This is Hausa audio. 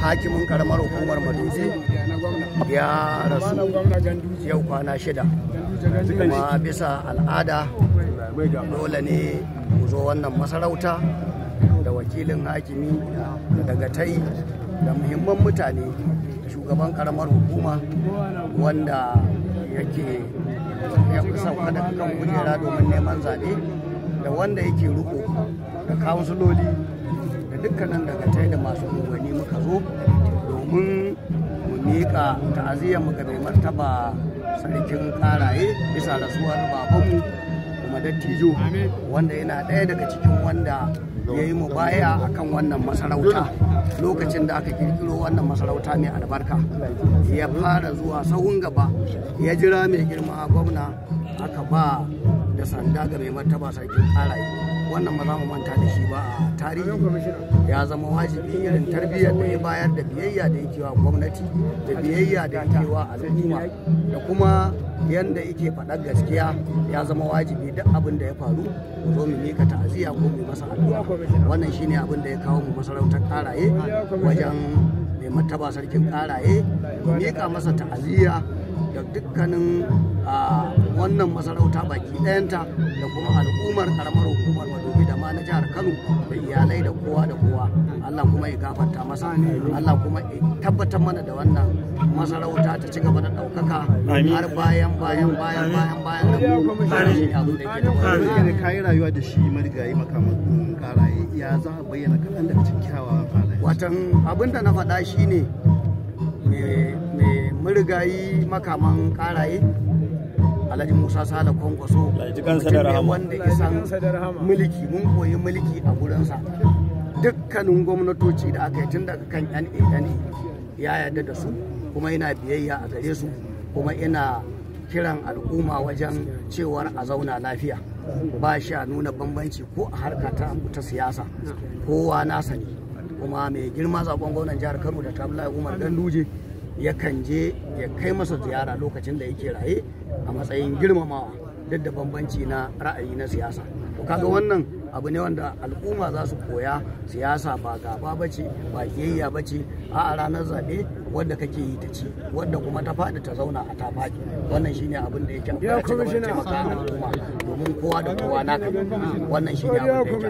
hakimin karamar hukumar madutse ya rasu yau kwana shida kuma bisa al'ada dole ne mu zo wannan masarauta da wakilin hakimi daga tai da muhimman mutane shugaban karamar hukuma wanda yake ya sauka daga kan kujera domin neman zaɓe da wanda yake ruko da kansuloli dukkanin daga tai da masu unguwanni muka zo domin mu miƙa ta'aziyyar mu ga mai martaba sarkin karaye bisa rasuwar babanmu kuma dattijo wanda yana ɗaya daga cikin wanda ya yi mu baya a kan wannan masarauta lokacin da aka kirkiro wannan masarauta mai albarka ya fara zuwa sahun gaba ya jira mai girma gwamna aka ba da sanda ga mai martaba sarkin karaye wannan ba za mu manta da shi ba a tarihi ya zama wajibi irin tarbiyyar da ya bayar da biyayya da yake wa gwamnati da biyayya da yake wa al'umma da kuma yanda yake faɗar gaskiya ya zama wajibi duk abin da ya faru mu zo mu mika ta'aziyya ko mu masa addu'a wannan shine abin da ya kawo mu masarautar karaye wajen mai mataba sarkin karaye mu mika masa ta'aziyya da dukkanin ah, wannan masarauta baki ɗayanta da kuma al'ummar karamar hukumar madobi da ma na jihar kano da iyalai da kowa da kowa allah kuma ya gafarta masa allah kuma ya tabbatar mana da wannan masarauta ta ci gaba da ɗaukaka har bayan bayan bayan bayan bayan da kuma shi abu da ke rayuwa da shi marigayi makamakon karaye ya za a bayyana kaɗan daga cikin kyawawan halaye watan abin da na faɗa shine mai murgayi makaman karaye alhaji musa sale kwankwaso wanda ya san mulki mun koyi mulki a gurinsa dukkanin gwamnatoci da aka yi tun daga kan nane ya yarda da su kuma yana biyayya a gare su kuma ina kiran al'umma wajen cewar a zauna lafiya ba shi a nuna bambanci ko a harka ta ta siyasa kowa nasa ne kuma mai girma zaɓen gwamnan jihar kano da tabla umar ganduje yakan je ya kai masa ziyara lokacin da yake raye a matsayin girmamawa duk da bambanci na ra'ayi na siyasa to kaga wannan abu ne wanda al'umma za su koya siyasa ba gaba ba ce ba kiyayya ba ce a ranar zaɓe wadda kake yi ta ci wadda kuma ta faɗi ta zauna a ta faɗi wannan shi ne abin da yake a cikin al'umma domin kowa da kowa naka wannan shi ne abin da yake